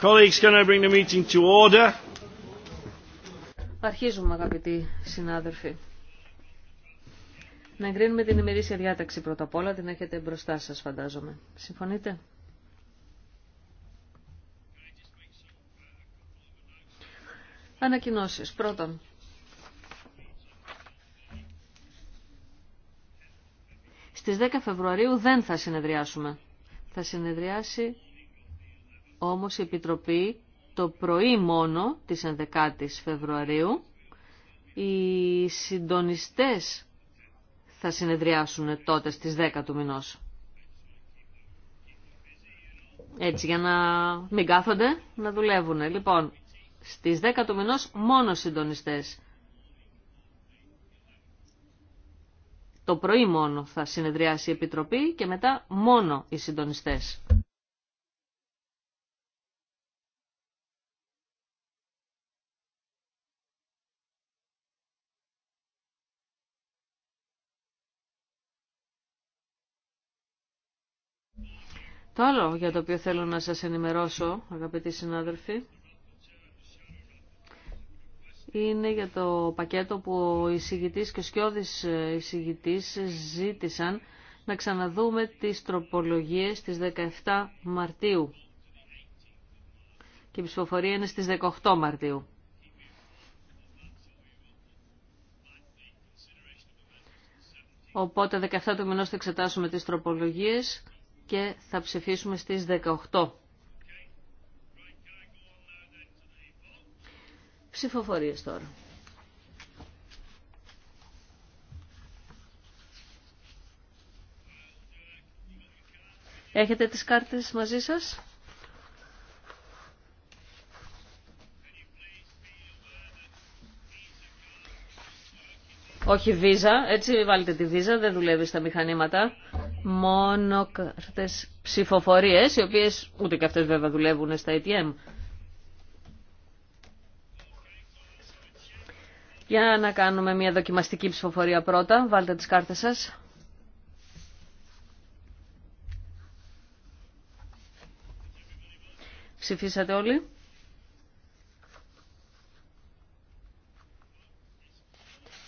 Colleagues, can I bring the meeting to order? Αρχίζουμε αγαπητοί συνάδελφοι. Να εγκρίνουμε την ημερήσια διάταξη πρώτα απ' όλα, την έχετε μπροστά σας φαντάζομαι. Συμφωνείτε? Ανακοινώσεις. Πρώτον, στις 10 Φεβρουαρίου δεν θα συνεδριάσουμε. Θα συνεδριάσει όμως η Επιτροπή το πρωί μόνο της 11ης Φεβρουαρίου. Οι συντονιστές θα συνεδριάσουν τότε στις 10 του μηνός. Έτσι για να μην κάθονται, να δουλεύουν. Λοιπόν, στις 10 του μηνός μόνο συντονιστές. Το πρωί μόνο θα συνεδριάσει η Επιτροπή και μετά μόνο οι συντονιστές. Το άλλο για το οποίο θέλω να σας ενημερώσω, αγαπητοί συνάδελφοι, είναι για το πακέτο που ο εισηγητής και ο σκιώδης εισηγητής ζήτησαν να ξαναδούμε τις τροπολογίες στις 17 Μαρτίου και η ψηφοφορία είναι στις 18 Μαρτίου. Οπότε 17 του μηνό θα εξετάσουμε τις τροπολογίες και θα ψηφίσουμε στις 18 Ψηφοφορίες τώρα. Έχετε τις κάρτες μαζί σας. Όχι βίζα, έτσι βάλετε τη βίζα, δεν δουλεύει στα μηχανήματα. Μόνο κάρτες ψηφοφορίες, οι οποίες ούτε και αυτές βέβαια δουλεύουν στα ATM. Για να κάνουμε μια δοκιμαστική ψηφοφορία πρώτα. Βάλτε τις κάρτες σας. Ψηφίσατε όλοι.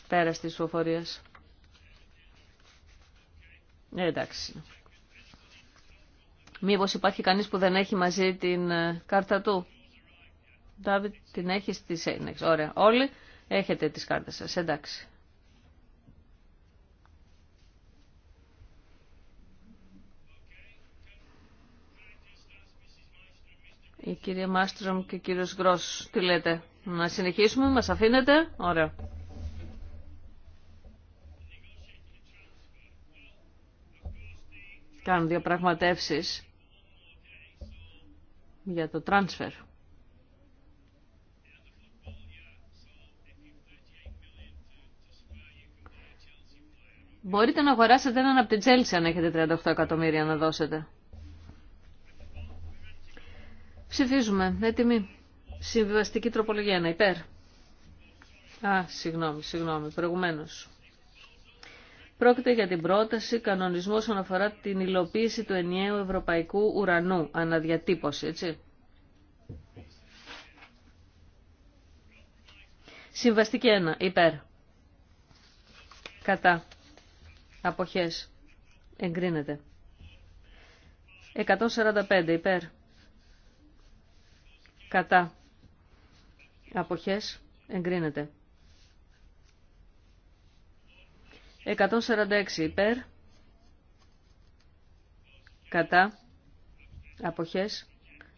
Πέρας της ψηφοφορίας. Ε, εντάξει. Μήπως υπάρχει κανείς που δεν έχει μαζί την ε, κάρτα του. Ντάβιτ, την έχεις, της έχεις. Ωραία. Όλοι. Έχετε τις κάρτες σας, εντάξει. Η κυρία Μάστρομ και ο κύριος Γκρός, τι λέτε, να συνεχίσουμε, μας αφήνετε, ωραία. Κάνουν διαπραγματεύσεις για το transfer. Μπορείτε να αγοράσετε έναν από την Τζέλση αν έχετε 38 εκατομμύρια να δώσετε. Ψηφίζουμε. Έτοιμοι. Συμβιβαστική τροπολογία 1. Υπέρ. Α, συγγνώμη, συγγνώμη. Προηγουμένω. Πρόκειται για την πρόταση Κανονισμό όσον αφορά την υλοποίηση του ενιαίου ευρωπαϊκού ουρανού. Αναδιατύπωση, έτσι. Συμβαστική 1. Υπέρ. Κατά. Αποχές. Εγκρίνεται. 145 υπέρ. Κατά. Αποχές. Εγκρίνεται. 146 υπέρ. Κατά. Αποχές.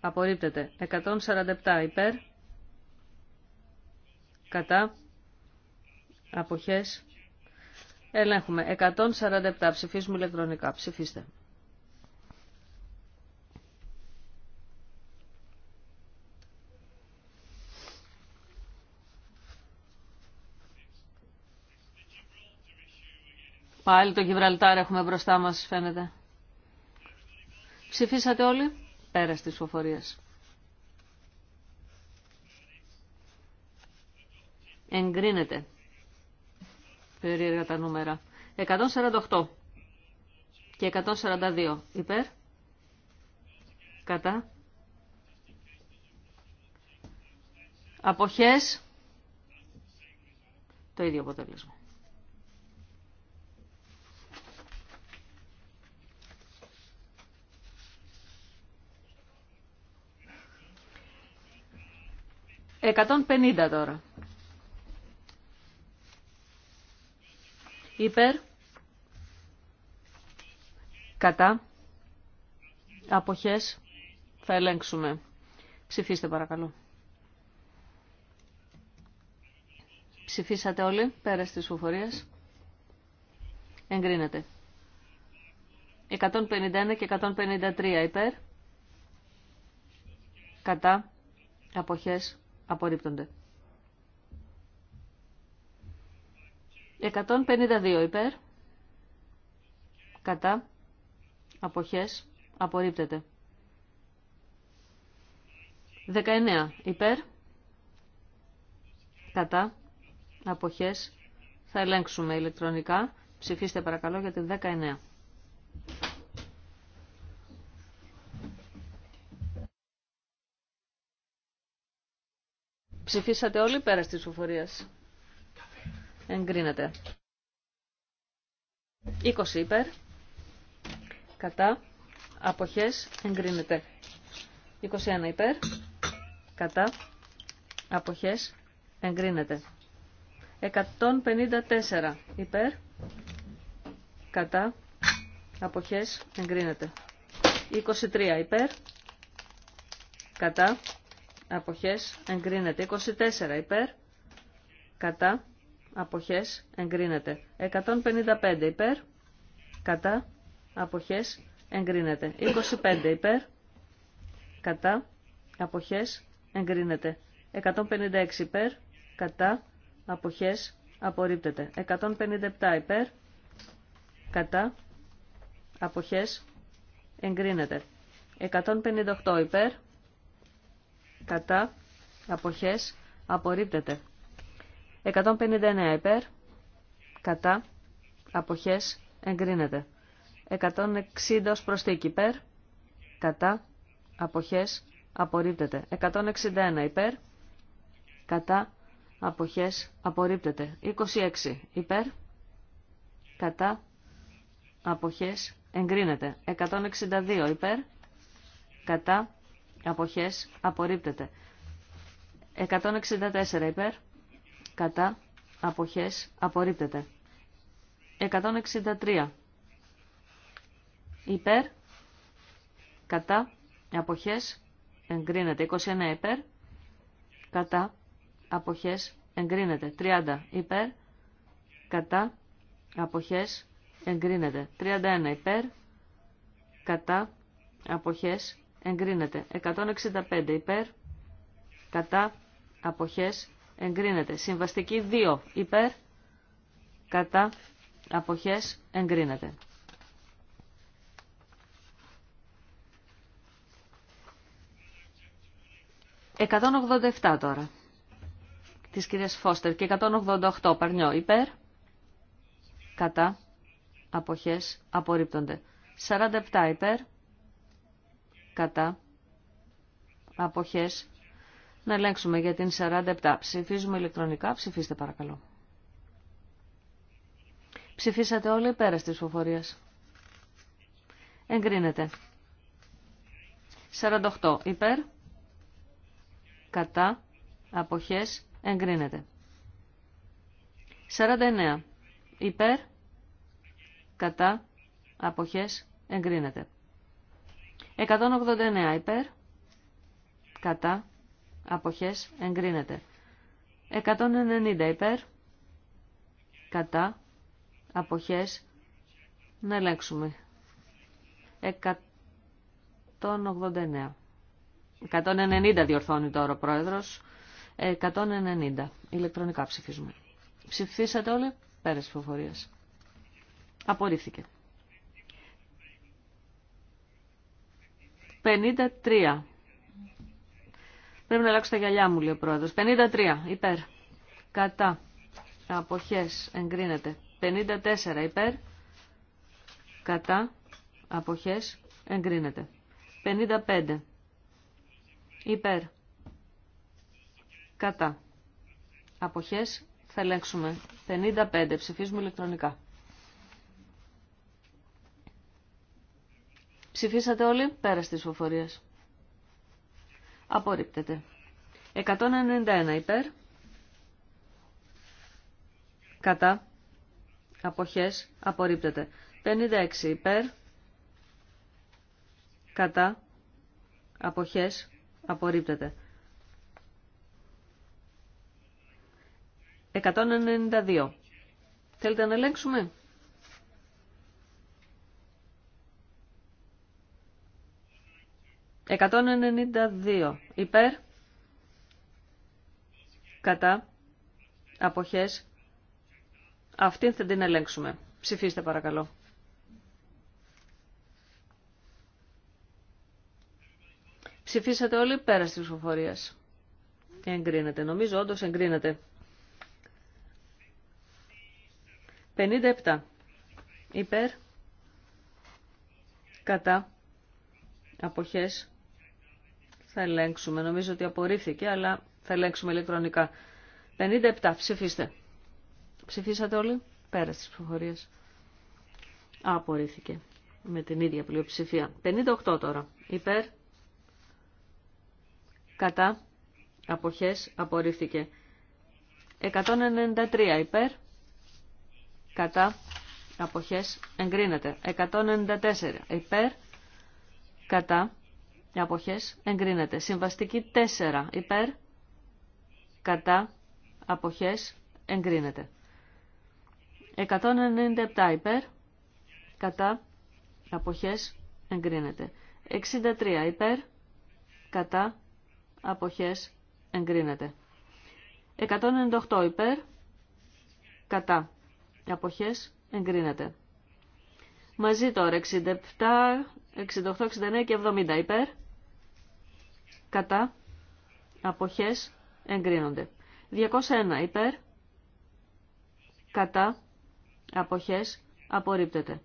Απορρίπτεται. 147 υπέρ. Κατά. Αποχές. Ελέγχουμε. 147. Ψηφίζουμε ηλεκτρονικά. Ψηφίστε. Πάλι το Γιβραλτάρ έχουμε μπροστά μας, φαίνεται. Ψηφίσατε όλοι. Πέρα της φοφορίες. Εγκρίνεται περίεργα τα νούμερα. 148 και 142 υπέρ, κατά, αποχές, το ίδιο αποτέλεσμα. Εκατόν πενήντα τώρα. υπέρ, κατά, αποχές, θα ελέγξουμε. Ψηφίστε παρακαλώ. Ψηφίσατε όλοι, πέρα στις ουφορίες. Εγκρίνεται. 151 και 153 υπέρ. Κατά. Αποχές απορρίπτονται. 152 υπέρ. Κατά. Αποχές. Απορρίπτεται. 19 υπέρ. Κατά. Αποχές. Θα ελέγξουμε ηλεκτρονικά. Ψηφίστε παρακαλώ για την 19. Ψηφίσατε όλοι πέρα της ψηφοφορίας εγκρίνεται. 20 υπέρ, κατά, αποχές, εγκρίνεται. 21 υπέρ, κατά, αποχές, εγκρίνεται. 154 υπέρ, κατά, αποχές, εγκρίνεται. 23 υπέρ, κατά, αποχές, εγκρίνεται. 24 υπέρ, κατά, αποχές εγκρίνεται. 155 υπέρ, κατά, αποχές εγκρίνεται. 25 υπέρ, κατά, αποχές εγκρίνεται. 156 υπέρ, κατά, αποχές απορρίπτεται. 157 υπέρ, κατά, αποχές εγκρίνεται. 158 υπέρ, κατά, αποχές απορρίπτεται. 159 υπέρ, κατά, αποχές, εγκρίνεται. 160 ως προστίκη υπέρ, κατά, αποχές, απορρίπτεται. 161 υπέρ, κατά, αποχές, απορρίπτεται. 26 υπέρ, κατά, αποχές, εγκρίνεται. 162 υπέρ, κατά, αποχές, απορρίπτεται. 164 υπέρ, κατά αποχές απορρίπτεται. 163 υπέρ κατά αποχές εγκρίνεται. 21 υπέρ κατά αποχές εγκρίνεται. 30 υπέρ κατά αποχές εγκρίνεται. 31 υπέρ κατά αποχές εγκρίνεται. 165 υπέρ κατά αποχές εγκρίνεται. Συμβαστική 2 υπέρ, κατά, αποχές, εγκρίνεται. «187 τώρα» της κυρίας Φώστερ και «188 Παρνιό υπέρ» κατά αποχές απορρίπτονται. 47 υπέρ κατά αποχές να ελέγξουμε για την 47. Ψηφίζουμε ηλεκτρονικά. Ψηφίστε παρακαλώ. Ψηφίσατε όλοι πέρα τη ψηφοφορίας. Εγκρίνεται. 48. Υπέρ. Κατά. Αποχές. Εγκρίνεται. 49. Υπέρ. Κατά. Αποχές. Εγκρίνεται. 189. Υπέρ. Κατά. Αποχές εγκρίνεται. 190 υπέρ. Κατά. Αποχές. Να ελέγξουμε. 189. 190 διορθώνει τώρα ο πρόεδρος. 190. Ηλεκτρονικά ψηφίζουμε. Ψηφίσατε όλοι. Πέρας ψηφοφορίας. Απορρίφθηκε. 53 Πρέπει να αλλάξω τα γυαλιά μου, λέει ο πρόεδρος. 53 υπέρ. Κατά. Αποχές. Εγκρίνεται. 54 υπέρ. Κατά. Αποχές. Εγκρίνεται. 55 υπέρ. Κατά. Αποχές. Θα ελέγξουμε. 55. Ψηφίζουμε ηλεκτρονικά. Ψηφίσατε όλοι πέρα τη ψηφοφορία. Απορρίπτεται. 191 υπέρ. Κατά. Αποχές. Απορρίπτεται. 56 υπέρ. Κατά. Αποχές. Απορρίπτεται. 192. Θέλετε να ελέγξουμε. 192 υπέρ, κατά, αποχές. Αυτήν θα την ελέγξουμε. Ψηφίστε παρακαλώ. Ψηφίσατε όλοι πέρα της ψηφοφορίες. Εγκρίνεται. Νομίζω όντως εγκρίνεται. 57. Υπέρ. Κατά. Αποχές. Θα ελέγξουμε. Νομίζω ότι απορρίφθηκε, αλλά θα ελέγξουμε ηλεκτρονικά. 57. Ψηφίστε. Ψηφίσατε όλοι. Πέρα στις ψηφοφορίες. Απορρίφθηκε. Με την ίδια πλειοψηφία. 58 τώρα. Υπέρ. Κατά. Αποχές. Απορρίφθηκε. 193 υπέρ. Κατά. Αποχές. Εγκρίνεται. 194 υπέρ. Κατά. Αποχές εγκρίνεται. Συμβαστική 4 υπέρ. Κατά. Αποχές εγκρίνεται. 197 υπέρ. Κατά. Αποχές εγκρίνεται. 63 υπέρ. Κατά. Αποχές εγκρίνεται. 198 υπέρ. Κατά. Αποχές εγκρίνεται. Μαζί τώρα 67, 68, 69 και 70 υπέρ κατά, αποχές, εγκρίνονται. 201 υπέρ, κατά, αποχές, απορρίπτεται.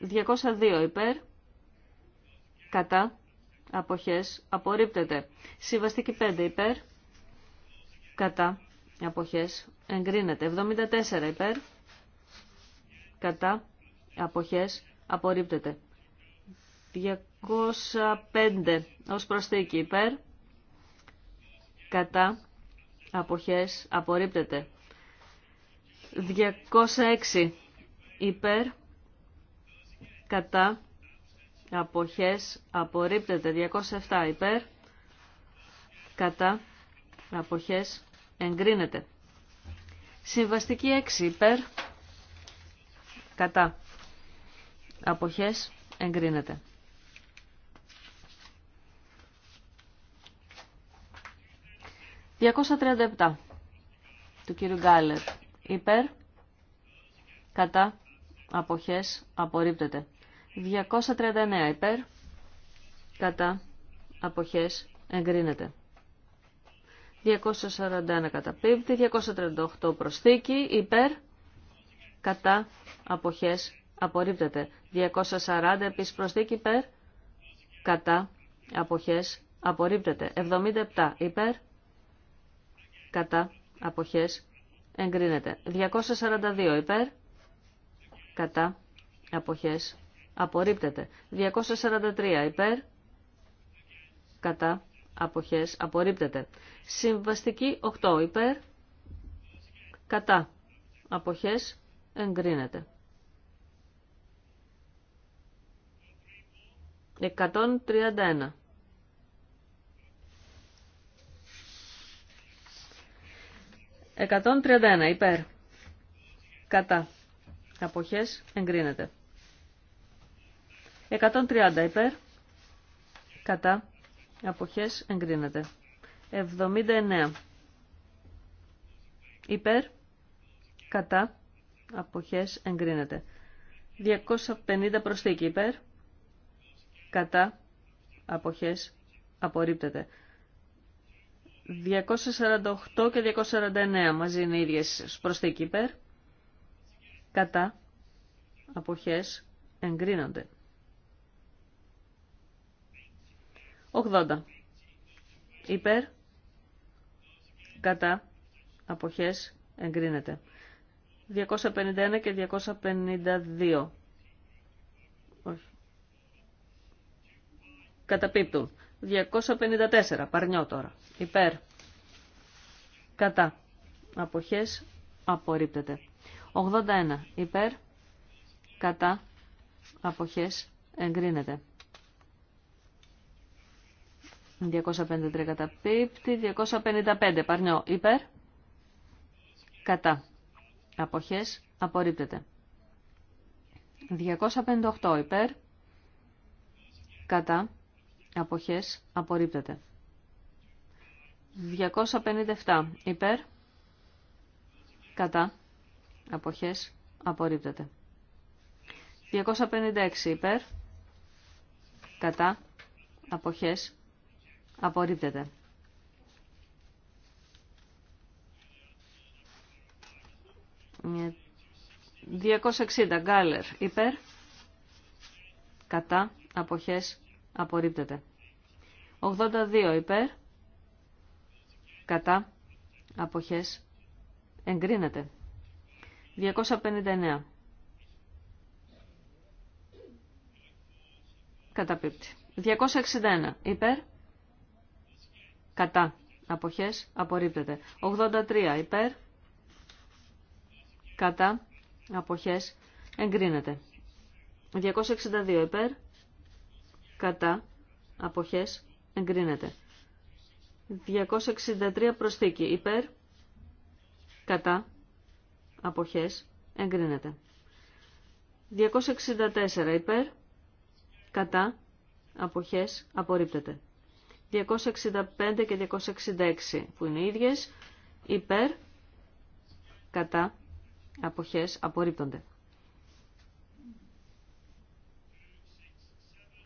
202 υπέρ, κατά, αποχές, απορρίπτεται. Συμβαστική 5 υπέρ, κατά, αποχές, εγκρίνεται. 74 υπέρ, κατά, αποχές, απορρίπτεται. 205 ως προσθήκη υπέρ, κατά, αποχές, απορρίπτεται. 206 υπέρ, κατά, αποχές, απορρίπτεται. 207 υπέρ, κατά, αποχές, εγκρίνεται. Συμβαστική 6 υπέρ, κατά, αποχές, εγκρίνεται. 237 του κύριου Γκάλερ. Υπέρ, κατά, αποχές, απορρίπτεται. 239 υπέρ, κατά, αποχές, εγκρίνεται. 241 καταπίπτει, 238 προσθήκη, υπέρ, κατά, αποχές, απορρίπτεται. 240 επίσης προσθήκη, υπέρ, κατά, αποχές, απορρίπτεται. 77 υπέρ, κατά αποχές εγκρίνεται. 242 υπέρ κατά αποχές απορρίπτεται. 243 υπέρ κατά αποχές απορρίπτεται. Συμβαστική 8 υπέρ κατά αποχές εγκρίνεται. 131 131 υπέρ. Κατά. Αποχές εγκρίνεται. 130 υπέρ. Κατά. Αποχές εγκρίνεται. 79 υπέρ. Κατά. Αποχές εγκρίνεται. 250 προσθήκη υπέρ. Κατά. Αποχές απορρίπτεται. 248 και 249 μαζί είναι οι ίδιες προσθήκη υπέρ. Κατά. Αποχές εγκρίνονται. 80. Υπέρ. Κατά. Αποχές εγκρίνεται. 251 και 252. Όχι. Καταπίπτουν. 254. Παρνιό τώρα. Υπέρ. Κατά. Αποχές. Απορρίπτεται. 81. Υπέρ. Κατά. Αποχές. Εγκρίνεται. 253 κατά πίπτη. 255. Παρνιό. Υπέρ. Κατά. Αποχές. Απορρίπτεται. 258. Υπέρ. Κατά Αποχές απορρίπτεται. 257 υπέρ. Κατά. Αποχές απορρίπτεται. 256 υπέρ. Κατά. Αποχές απορρίπτεται. 260 γκάλερ υπέρ. Κατά. Αποχές Απορρίπτεται. 82 υπέρ. Κατά. Αποχές. Εγκρίνεται. 259. Καταπίπτει. 261 υπέρ. Κατά. Αποχές. Απορρίπτεται. 83 υπέρ. Κατά. Αποχές. Εγκρίνεται. 262 υπέρ κατά αποχές εγκρίνεται. 263 προσθήκη υπέρ κατά αποχές εγκρίνεται. 264 υπέρ κατά αποχές απορρίπτεται. 265 και 266 που είναι ίδιες υπέρ κατά αποχές απορρίπτονται.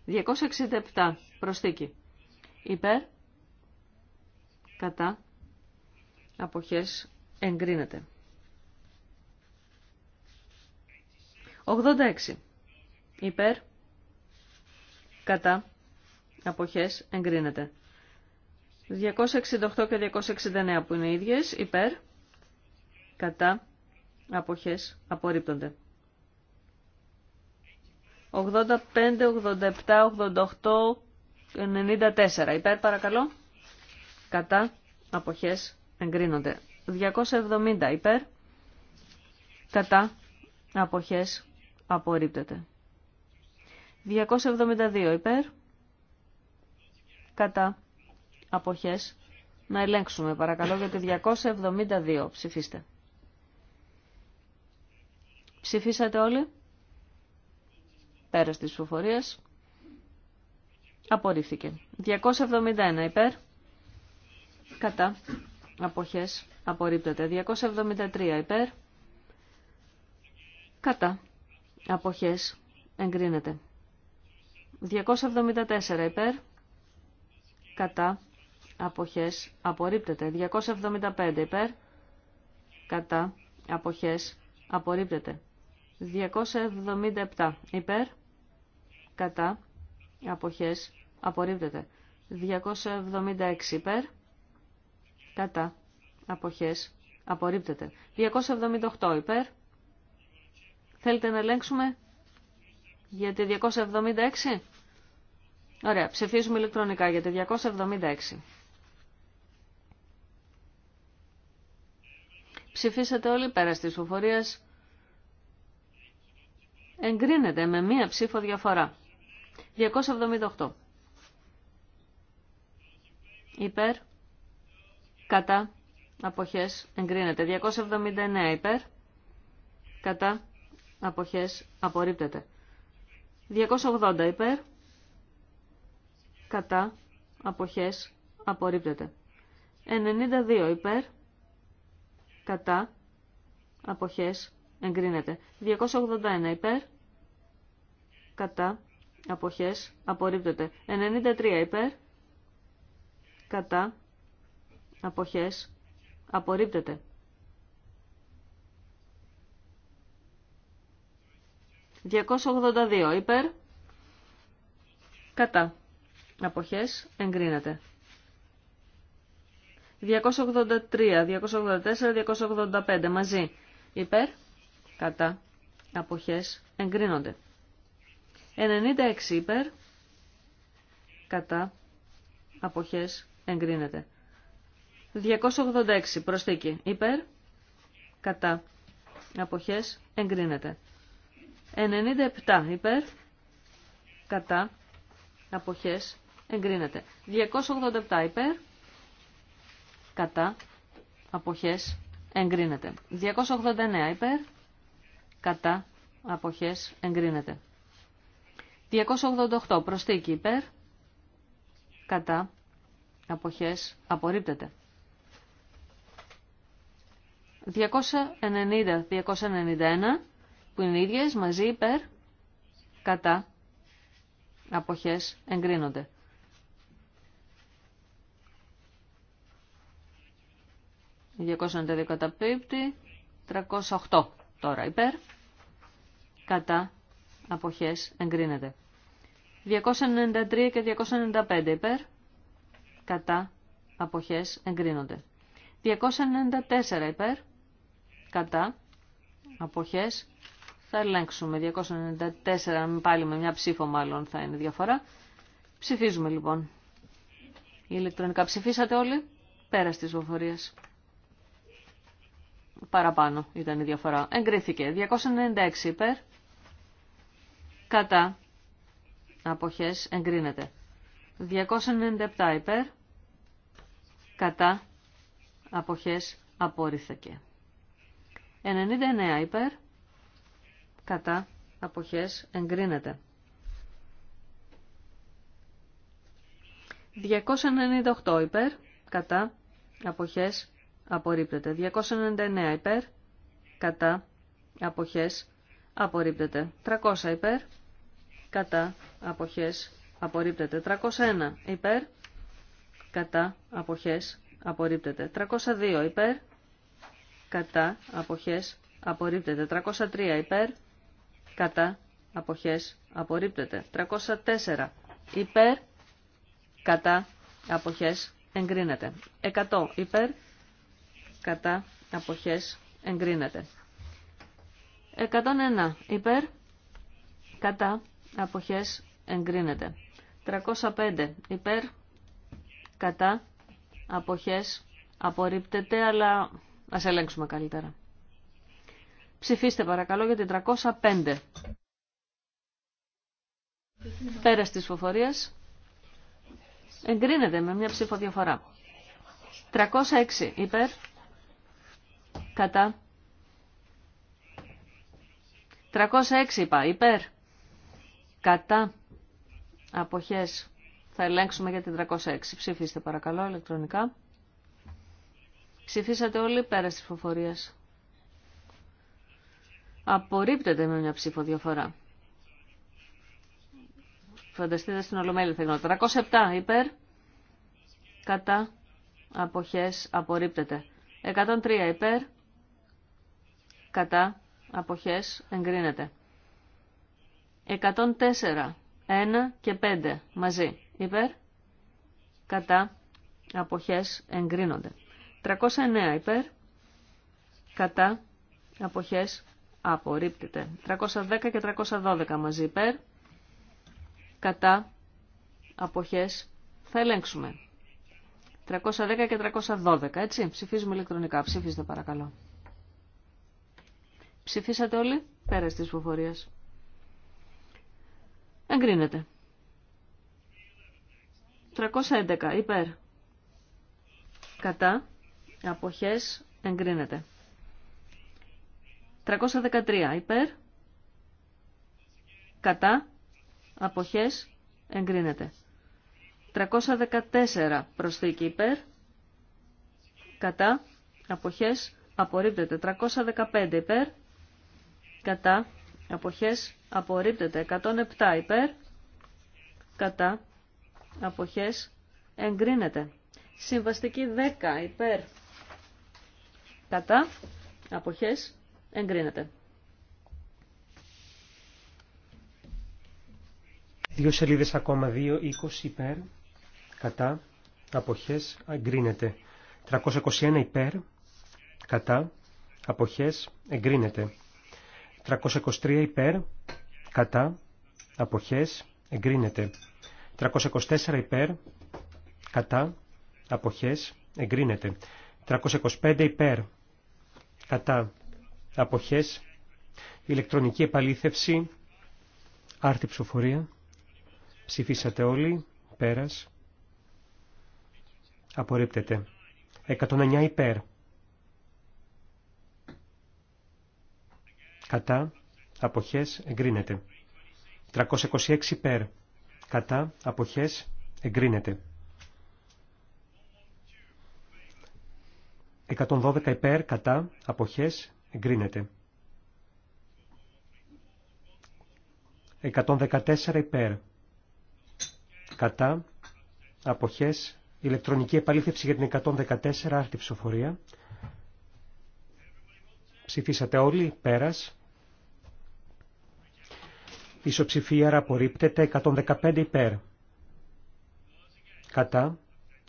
267 προσθήκη. Υπέρ, κατά, αποχές, εγκρίνεται. 86. Υπέρ, κατά, αποχές, εγκρίνεται. 268 και 269 που είναι ίδιες, υπέρ, κατά, αποχές, απορρίπτονται. 85, 87, 88, 94. Υπέρ παρακαλώ. Κατά. Αποχές εγκρίνονται. 270 υπέρ. Κατά. Αποχές απορρίπτεται. 272 υπέρ. Κατά. Αποχές. Να ελέγξουμε παρακαλώ για το 272. Ψηφίστε. Ψηφίσατε όλοι. Πέρας της ψηφοφορίας. Απορρίφθηκε. 271 υπέρ. Κατά. Αποχές. Απορρίπτεται. 273 υπέρ. Κατά. Αποχές. Εγκρίνεται. 274 υπέρ. Κατά. Αποχές. Απορρίπτεται. 275 υπέρ. Κατά. Αποχές. Απορρίπτεται. 277 υπέρ κατά αποχές απορρίπτεται. 276 υπέρ κατά αποχές απορρίπτεται. 278 υπέρ θέλετε να ελέγξουμε για τη 276. Ωραία, ψηφίζουμε ηλεκτρονικά για τη 276. Ψηφίσατε όλοι πέρα τη ψηφοφορία. Εγκρίνεται με μία ψήφο διαφορά. 278. Υπέρ. Κατά. Αποχές. Εγκρίνεται. 279 υπέρ. Κατά. Αποχές. Απορρίπτεται. 280 υπέρ. Κατά. Αποχές. Απορρίπτεται. 92 υπέρ. Κατά. Αποχές. Εγκρίνεται. 281 υπέρ. Κατά. Αποχές. Απορρίπτεται. 93 υπέρ. Κατά. Αποχές. Απορρίπτεται. ...282 υπέρ... ...κατά... ...αποχές εγκρίνεται... ...283, 284, 285... ...μαζί... ...υπέρ... ...κατά... ...αποχές εγκρίνονται... 96 υπέρ κατά αποχές εγκρίνεται. 286 προσθήκη υπέρ κατά αποχές εγκρίνεται. 97 υπέρ κατά αποχές εγκρίνεται. 287 υπέρ κατά αποχές εγκρίνεται. 289 υπέρ κατά αποχές εγκρίνεται. 288 προστίκη υπέρ, κατά, αποχές, απορρίπτεται. 290-291 που είναι ίδιες μαζί υπέρ, κατά, αποχές, εγκρίνονται. 292 καταπίπτει, 308 τώρα υπέρ, κατά, αποχές εγκρίνεται. 293 και 295 υπέρ, κατά, αποχές εγκρίνονται. 294 υπέρ, κατά, αποχές θα ελέγξουμε. 294 πάλι με μια ψήφο μάλλον θα είναι διαφορά. Ψηφίζουμε λοιπόν. Η ηλεκτρονικά ψηφίσατε όλοι, πέρα στις βοφορίας. Παραπάνω ήταν η διαφορά. Εγκρίθηκε. 296 υπέρ, κατά αποχές εγκρίνεται. 297 υπέρ κατά αποχές απορρίφθηκε. 99 υπέρ κατά αποχές εγκρίνεται. 298 υπέρ κατά αποχές απορρίπτεται. 299 υπέρ κατά αποχές απορρίπτεται. 300 υπέρ, κατά αποχές απορρίπτεται. 301 υπέρ, κατά αποχές απορρίπτεται. 302 υπέρ, κατά αποχές απορρίπτεται. 303 υπέρ, κατά αποχές απορρίπτεται. 304 υπέρ, κατά αποχές εγκρίνεται. 100 υπέρ, κατά αποχές εγκρίνεται. 101 υπέρ, κατά, αποχές, εγκρίνεται. 305 υπέρ, κατά, αποχές, απορρίπτεται, αλλά ας ελέγξουμε καλύτερα. Ψηφίστε παρακαλώ για την 305. Πέρας της φοφορίας εγκρίνεται με μια ψήφο διαφορά. 306 υπέρ, κατά, 306 είπα, υπέρ. Κατά. Αποχές. Θα ελέγξουμε για την 306. Ψηφίστε παρακαλώ ηλεκτρονικά. Ψηφίσατε όλοι πέρα της ψηφοφορίας. Απορρίπτεται με μια ψήφο δύο φορά. Φανταστείτε στην Ολομέλη θα 307 υπέρ. Κατά. Αποχές. Απορρίπτεται. 103 υπέρ. Κατά αποχές εγκρίνεται. 104, 1 και 5 μαζί υπέρ, κατά, αποχές εγκρίνονται. 309 υπέρ, κατά, αποχές απορρίπτεται. 310 και 312 μαζί υπέρ, κατά, αποχές θα ελέγξουμε. 310 και 312, έτσι, ψηφίζουμε ηλεκτρονικά, ψηφίστε παρακαλώ. Ψηφίσατε όλοι πέρα τη υποφορία. Εγκρίνεται. 311 υπέρ. Κατά. Αποχές εγκρίνεται. 313 υπέρ. Κατά. Αποχές εγκρίνεται. 314 προσθήκη υπέρ. Κατά. Αποχές απορρίπτεται. 315 υπέρ κατά, αποχές απορρίπτεται. 107 υπέρ, κατά, αποχές εγκρίνεται. Συμβαστική 10 υπέρ, κατά, αποχές εγκρίνεται. Δύο σελίδες ακόμα, 2, 20 υπέρ, κατά, αποχές, εγκρίνεται. 321 υπέρ, κατά, αποχές, εγκρίνεται. 323 υπέρ, κατά, αποχές, εγκρίνεται. 324 υπέρ, κατά, αποχές, εγκρίνεται. 325 υπέρ, κατά, αποχές, ηλεκτρονική επαλήθευση, άρτη ψηφοφορία. Ψηφίσατε όλοι, πέρας. Απορρίπτεται. 109 υπέρ. κατά, αποχές, εγκρίνεται. 326 υπέρ, κατά, αποχές, εγκρίνεται. 112 υπέρ, κατά, αποχές, εγκρίνεται. 114 υπέρ, κατά, αποχές, ηλεκτρονική επαλήθευση για την 114 άρτη ψηφοφορία, Ψηφίσατε όλοι, πέρας. Ισοψηφία απορρίπτεται 115 υπέρ. Κατά.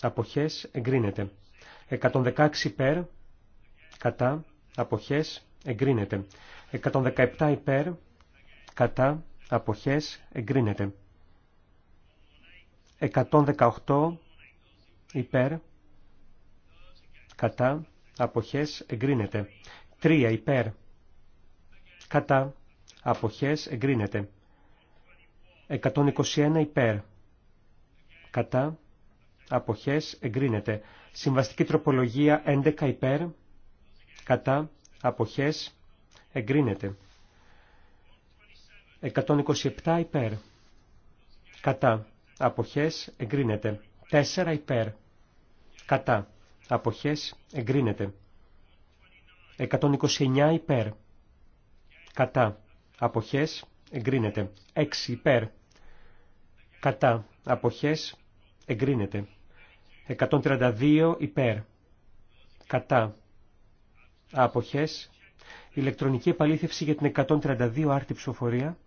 Αποχές εγκρίνεται. 116 υπέρ. Κατά. Αποχές εγκρίνεται. 117 υπέρ. Κατά. Αποχές εγκρίνεται. 118 υπέρ. Κατά. Αποχές εγκρίνεται. 3 υπέρ. Κατά. Αποχές εγκρίνεται. 121 υπέρ. Κατά. Αποχές εγκρίνεται. Συμβαστική τροπολογία 11 υπέρ. Κατά. Αποχές εγκρίνεται. 127 υπέρ. Κατά. Αποχές εγκρίνεται. 4 υπέρ. Κατά. Αποχές εγκρίνεται. 129 υπέρ. Κατά. Αποχές. Εγκρίνεται. 6 υπέρ. Κατά. Αποχές. Εγκρίνεται. 132 υπέρ. Κατά. Αποχές. Ηλεκτρονική επαλήθευση για την 132 άρτη ψηφοφορία.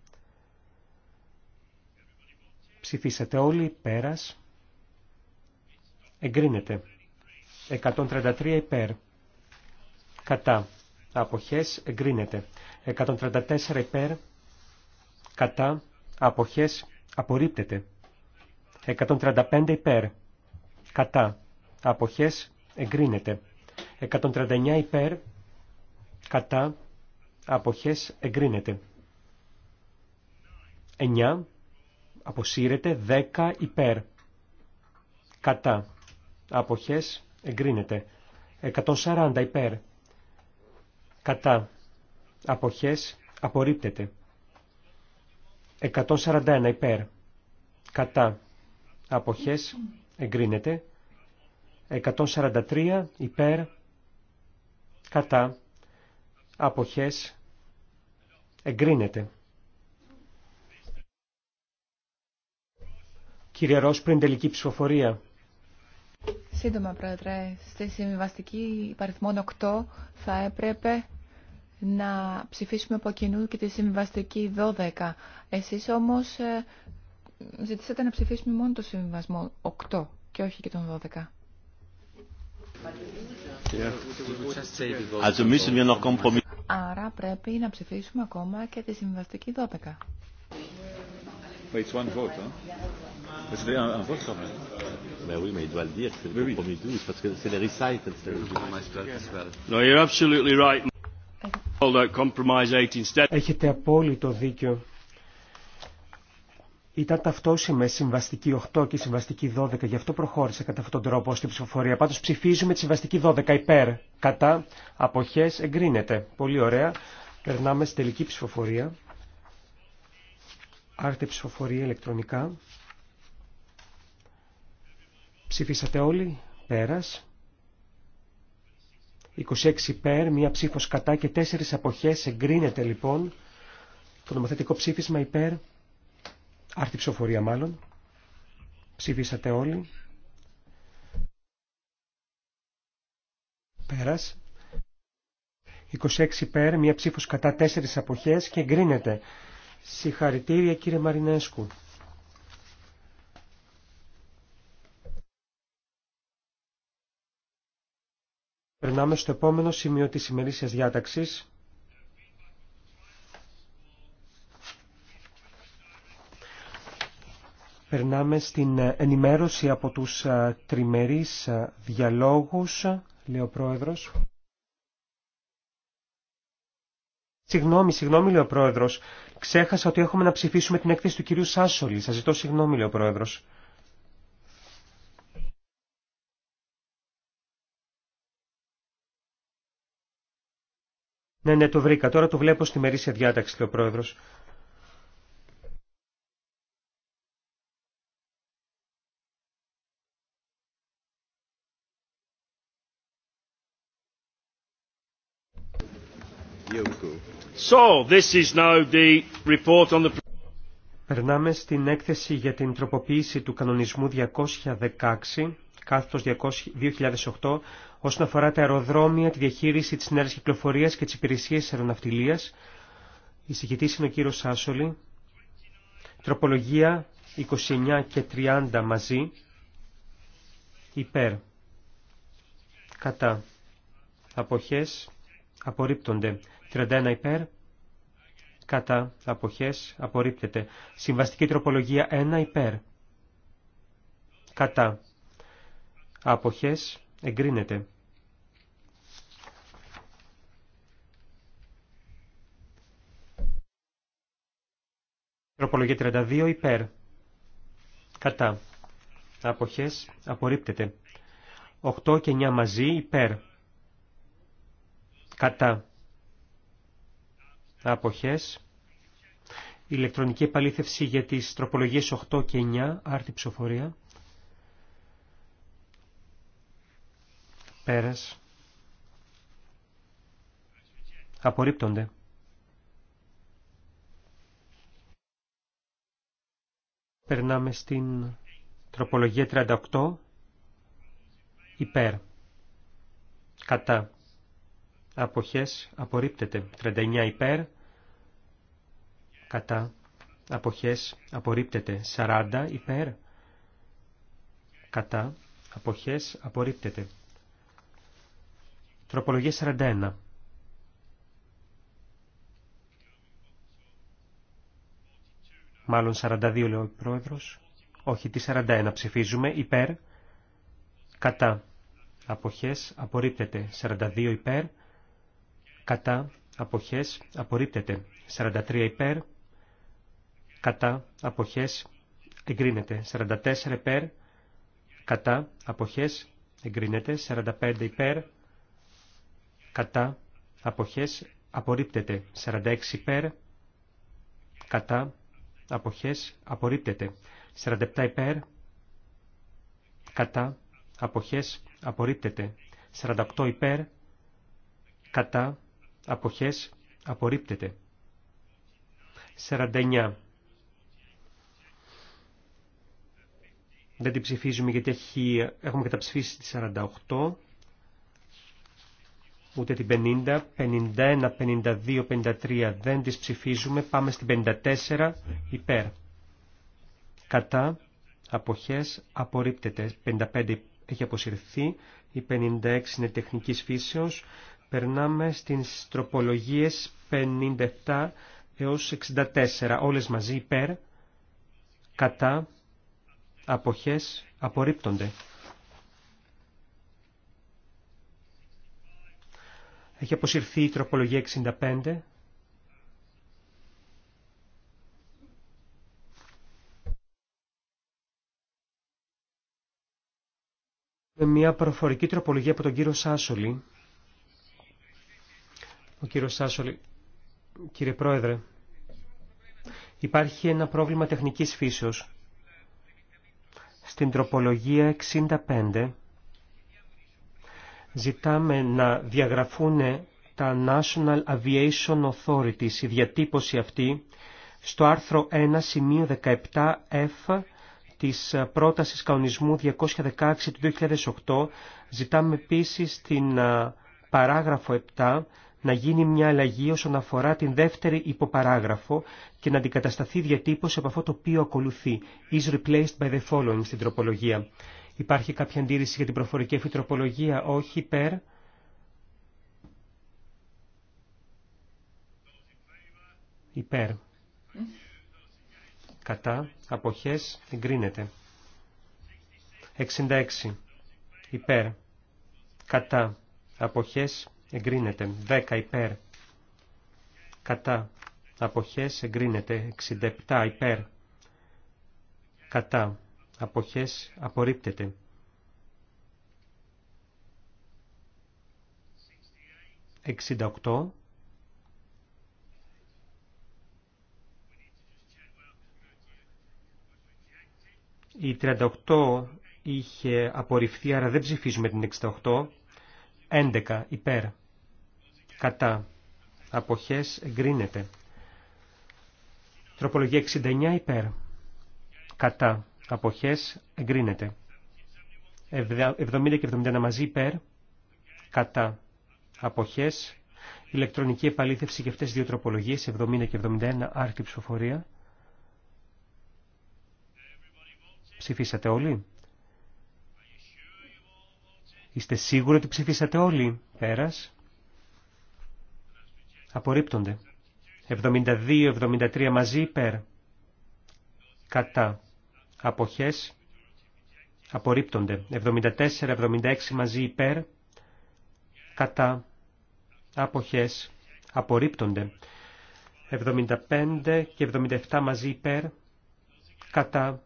Ψηφίσατε όλοι. Πέρας. Εγκρίνεται. 133 υπέρ κατά, αποχές, εγκρίνεται. 134 υπέρ, κατά, αποχές, απορρίπτεται. 135 υπέρ, κατά, αποχές, εγκρίνεται. 139 υπέρ, κατά, αποχές, εγκρίνεται. 9, αποσύρεται, 10 υπέρ, κατά, αποχές, εγκρίνεται. 140 υπέρ, κατά αποχές απορρίπτεται. 141 υπέρ κατά αποχές εγκρίνεται. 143 υπέρ κατά αποχές εγκρίνεται. Κύριε Ρος, πριν τελική ψηφοφορία. Σύντομα, Πρόεδρε, στη συμβιβαστική υπαριθμών 8 θα έπρεπε να ψηφίσουμε από κοινού και τη συμβιβαστική 12. Εσείς όμως ε, ζητήσατε να ψηφίσουμε μόνο το συμβιβασμό 8 και όχι και τον 12. Άρα πρέπει να ψηφίσουμε ακόμα και τη συμβιβαστική 12. it's one vote, oui, mais il doit le dire, c'est le parce que c'est les No, you're absolutely right. Έχετε απόλυτο δίκιο. Ήταν ταυτόσιμε συμβαστική 8 και συμβαστική 12, γι' αυτό προχώρησα κατά αυτόν τον τρόπο στην ψηφοφορία. Πάντω ψηφίζουμε τη συμβαστική 12 υπέρ, κατά, αποχές, εγκρίνεται. Πολύ ωραία. Περνάμε στη τελική ψηφοφορία. Άρτε ψηφοφορία ηλεκτρονικά. Ψηφίσατε όλοι. Πέρας. 26 υπέρ, μία ψήφος κατά και τέσσερις αποχές. Εγκρίνεται λοιπόν το νομοθετικό ψήφισμα υπέρ. Άρτη ψηφοφορία μάλλον. Ψηφίσατε όλοι. Πέρας. 26 υπέρ, μία ψήφος κατά τέσσερις αποχές και εγκρίνεται. Συγχαρητήρια κύριε Μαρινέσκου. Περνάμε στο επόμενο σημείο της ημερήσιας διάταξης. Περνάμε στην ενημέρωση από τους τριμερείς διαλόγους, λέει ο Πρόεδρος. Συγγνώμη, συγγνώμη, λέει ο Πρόεδρος. Ξέχασα ότι έχουμε να ψηφίσουμε την έκθεση του κυρίου Σάσολη. Σας ζητώ συγγνώμη, λέει ο Πρόεδρος. Ναι, ναι, το βρήκα. Τώρα το βλέπω στη μερίσια διάταξη, λέει ο πρόεδρος. Περνάμε στην έκθεση για την τροποποίηση του κανονισμού 216, κάθετος 2008, όσον αφορά τα αεροδρόμια, τη διαχείριση της νέας κυκλοφορίας και τις υπηρεσίες αεροναυτιλίας. Η συγκητής είναι ο κύριος Σάσολη. Τροπολογία 29 και 30 μαζί. Υπέρ. Κατά. Αποχές. Απορρίπτονται. 31 υπέρ. Κατά. Αποχές. Απορρίπτεται. Συμβαστική τροπολογία 1 υπέρ. Κατά. Αποχές. Εγκρίνεται. Τροπολογία 32 υπέρ. Κατά. Αποχές απορρίπτεται. 8 και 9 μαζί υπέρ. Κατά. Αποχές. Ηλεκτρονική επαλήθευση για τις τροπολογίες 8 και 9. Άρτη ψηφοφορία. Πέρας. Απορρίπτονται. Περνάμε στην τροπολογία 38. Υπέρ. Κατά. Αποχές. Απορρίπτεται. 39 υπέρ. Κατά. Αποχές. Απορρίπτεται. 40 υπέρ. Κατά. Αποχές. Απορρίπτεται. Τροπολογία 41. Μάλλον 42 λέει ο πρόεδρος. Όχι, τη 41 ψηφίζουμε υπέρ, κατά. Αποχές απορρίπτεται. 42 υπέρ, κατά. Αποχές απορρίπτεται. 43 υπέρ, κατά. Αποχές εγκρίνεται. 44 υπέρ, κατά. Αποχές εγκρίνεται. 45 υπέρ, κατά, αποχές, απορρίπτεται. 46 υπέρ, κατά, αποχές, απορρίπτεται. 47 υπέρ, κατά, αποχές, απορρίπτεται. 48 υπέρ, κατά, αποχές, απορρίπτεται. 49. Δεν την ψηφίζουμε γιατί έχει, έχουμε καταψηφίσει τη 48 ούτε την 50, 51, 52, 53 δεν τις ψηφίζουμε, πάμε στην 54 υπέρ. Κατά, αποχές, απορρίπτεται, 55 έχει αποσυρθεί, η 56 είναι τεχνικής φύσεως, περνάμε στις τροπολογίες 57 έως 64, όλες μαζί υπέρ, κατά, αποχές, απορρίπτονται. Έχει αποσυρθεί η τροπολογία 65. μια προφορική τροπολογία από τον κύριο Σάσολη. Ο κύριος Σάσολη, κύριε Πρόεδρε, υπάρχει ένα πρόβλημα τεχνικής φύσεως. Στην τροπολογία 65 Ζητάμε να διαγραφούν τα National Aviation Authorities, η διατύπωση αυτή, στο άρθρο 1 σημείο 17F της πρότασης κανονισμού 216 του 2008 ζητάμε επίσης την παράγραφο 7 να γίνει μια αλλαγή όσον αφορά την δεύτερη υποπαράγραφο και να αντικατασταθεί διατύπωση από αυτό το οποίο ακολουθεί, is replaced by the following στην τροπολογία. Υπάρχει κάποια αντίρρηση για την προφορική αφιτροπολογία. Όχι υπέρ. Υπέρ. Κατά. Αποχές. Εγκρίνεται. 66. Υπέρ. Κατά. Αποχές. Εγκρίνεται. 10. Υπέρ. Κατά. Αποχές. Εγκρίνεται. 67. Υπέρ. Κατά αποχές απορρίπτεται. 68 Η 38 είχε απορριφθεί, άρα δεν ψηφίζουμε την 68. 11 υπέρ. Κατά. Αποχές εγκρίνεται. Τροπολογία 69 υπέρ. Κατά αποχές εγκρίνεται. 70 και 71 μαζί υπέρ, κατά, αποχές, ηλεκτρονική επαλήθευση και αυτές τις δύο τροπολογίες, 70 και 71, άρτη ψηφοφορία. Ψηφίσατε όλοι. Είστε σίγουροι ότι ψηφίσατε όλοι. Πέρας. Απορρίπτονται. 72-73 μαζί υπέρ. Κατά αποχές απορρίπτονται. 74-76 μαζί υπέρ, κατά, αποχές απορρίπτονται. 75 και 77 μαζί υπέρ, κατά,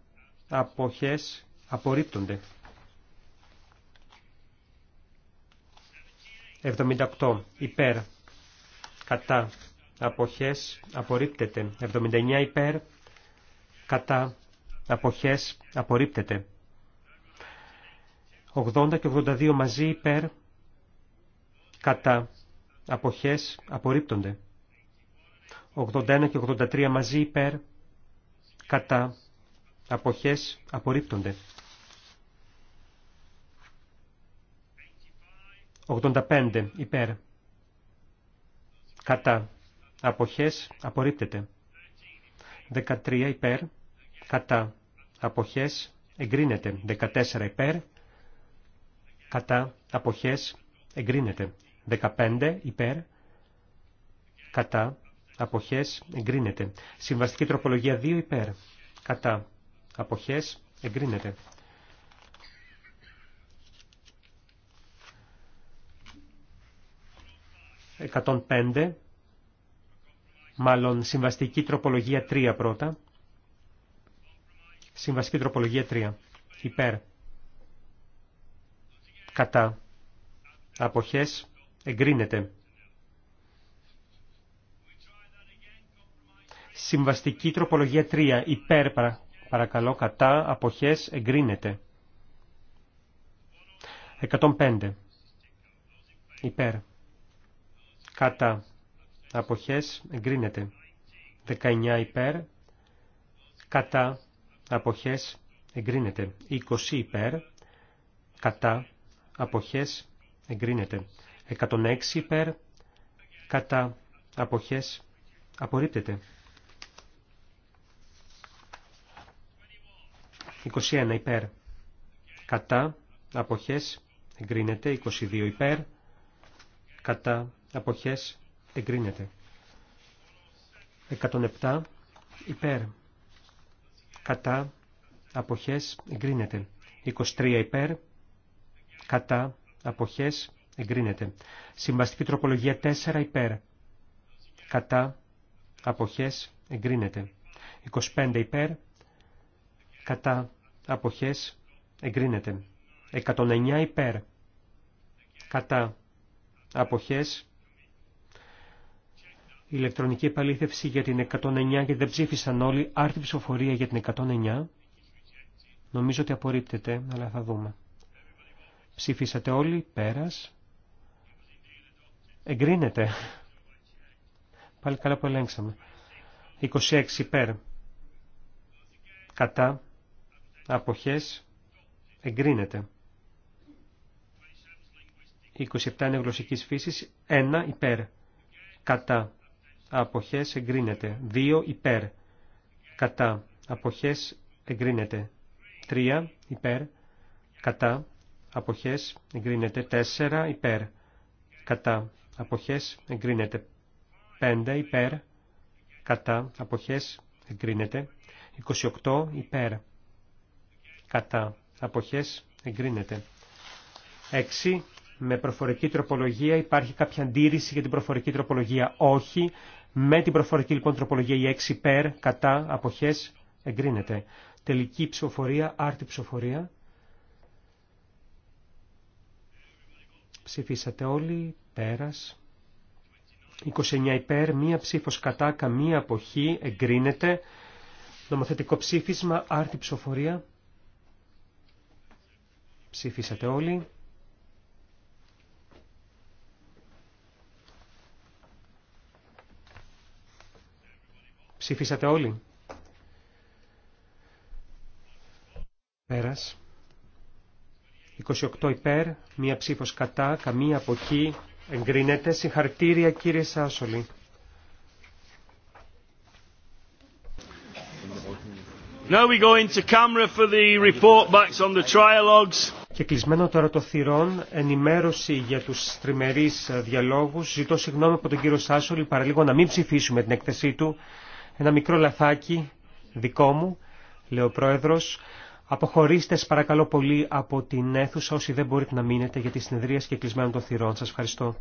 αποχές απορρίπτονται. 78 υπέρ, κατά, αποχές απορρίπτεται. 79 υπέρ, κατά, αποχές απορρίπτεται. 80 και 82 μαζί υπέρ κατά αποχές απορρίπτονται. 81 και 83 μαζί υπέρ κατά αποχές απορρίπτονται. 85 υπέρ κατά αποχές απορρίπτεται. 13 υπέρ κατά αποχές εγκρίνεται 14 υπέρ, κατά αποχές εγκρίνεται 15 υπέρ, κατά αποχές εγκρίνεται. Συμβαστική τροπολογία 2 υπέρ, κατά αποχές εγκρίνεται. «105» μάλλον συμβαστική τροπολογία 3 πρώτα, Συμβασική τροπολογία 3. Υπέρ. Κατά. Αποχές. Εγκρίνεται. Συμβαστική τροπολογία 3. Υπέρ παρακαλώ. Κατά. Αποχές. Εγκρίνεται. 105. Υπέρ. Κατά. Αποχές. Εγκρίνεται. 19 υπέρ. Κατά αποχές εγκρίνεται. 20 υπέρ, κατά, αποχές εγκρίνεται. 106 υπέρ, κατά, αποχές απορρίπτεται. 21 υπέρ, κατά, αποχές εγκρίνεται. 22 υπέρ, κατά, αποχές εγκρίνεται. 107 υπέρ, κατά, αποχές, εγκρίνεται. 23 υπέρ, κατά, αποχές, εγκρίνεται. Συμβαστική τροπολογία 4 υπέρ, κατά, αποχές, εγκρίνεται. 25 υπέρ, κατά, αποχές, εγκρίνεται. 109 υπέρ, κατά, αποχές, ηλεκτρονική επαλήθευση για την 109 και δεν ψήφισαν όλοι. Άρτη ψηφοφορία για την 109. Νομίζω ότι απορρίπτεται, αλλά θα δούμε. Ψήφισατε όλοι, πέρας. Εγκρίνεται. Πάλι καλά που ελέγξαμε. 26 υπέρ. Κατά. Αποχές. Εγκρίνεται. 27 είναι γλωσσικής φύσης. 1 υπέρ. Κατά αποχές εγκρίνεται. 2 υπέρ κατά αποχές εγκρίνεται. 3 υπέρ κατά αποχές εγκρίνεται. 4 υπέρ κατά αποχές εγκρίνεται. 5 υπέρ κατά αποχές εγκρίνεται. 28 υπέρ κατά αποχές εγκρίνεται. 6 με προφορική τροπολογία. Υπάρχει κάποια αντίρρηση για την προφορική τροπολογία. Όχι. Με την προφορική λοιπόν τροπολογία η 6 υπέρ, κατά, αποχές, εγκρίνεται. Τελική ψηφοφορία, άρτη ψηφοφορία. Ψηφίσατε όλοι, πέρας. 29 υπέρ, μία ψήφος κατά, καμία αποχή, εγκρίνεται. Νομοθετικό ψήφισμα, άρτη ψηφοφορία. Ψηφίσατε όλοι. Ψηφίσατε όλοι. Πέρας. 28 υπέρ, μία ψήφος κατά, καμία από εκεί. Εγκρίνεται. Συγχαρητήρια κύριε Σάσολη. Now we go into camera for the report on the Και κλεισμένο τώρα το θυρών, ενημέρωση για τους τριμερείς διαλόγους. Ζητώ συγγνώμη από τον κύριο Σάσολη, παραλίγο να μην ψηφίσουμε την έκθεσή του ένα μικρό λαθάκι δικό μου, λέει ο Πρόεδρος. Αποχωρήστε, παρακαλώ πολύ, από την αίθουσα όσοι δεν μπορείτε να μείνετε για τη συνεδρίαση και κλεισμένων των θυρών. Σας ευχαριστώ.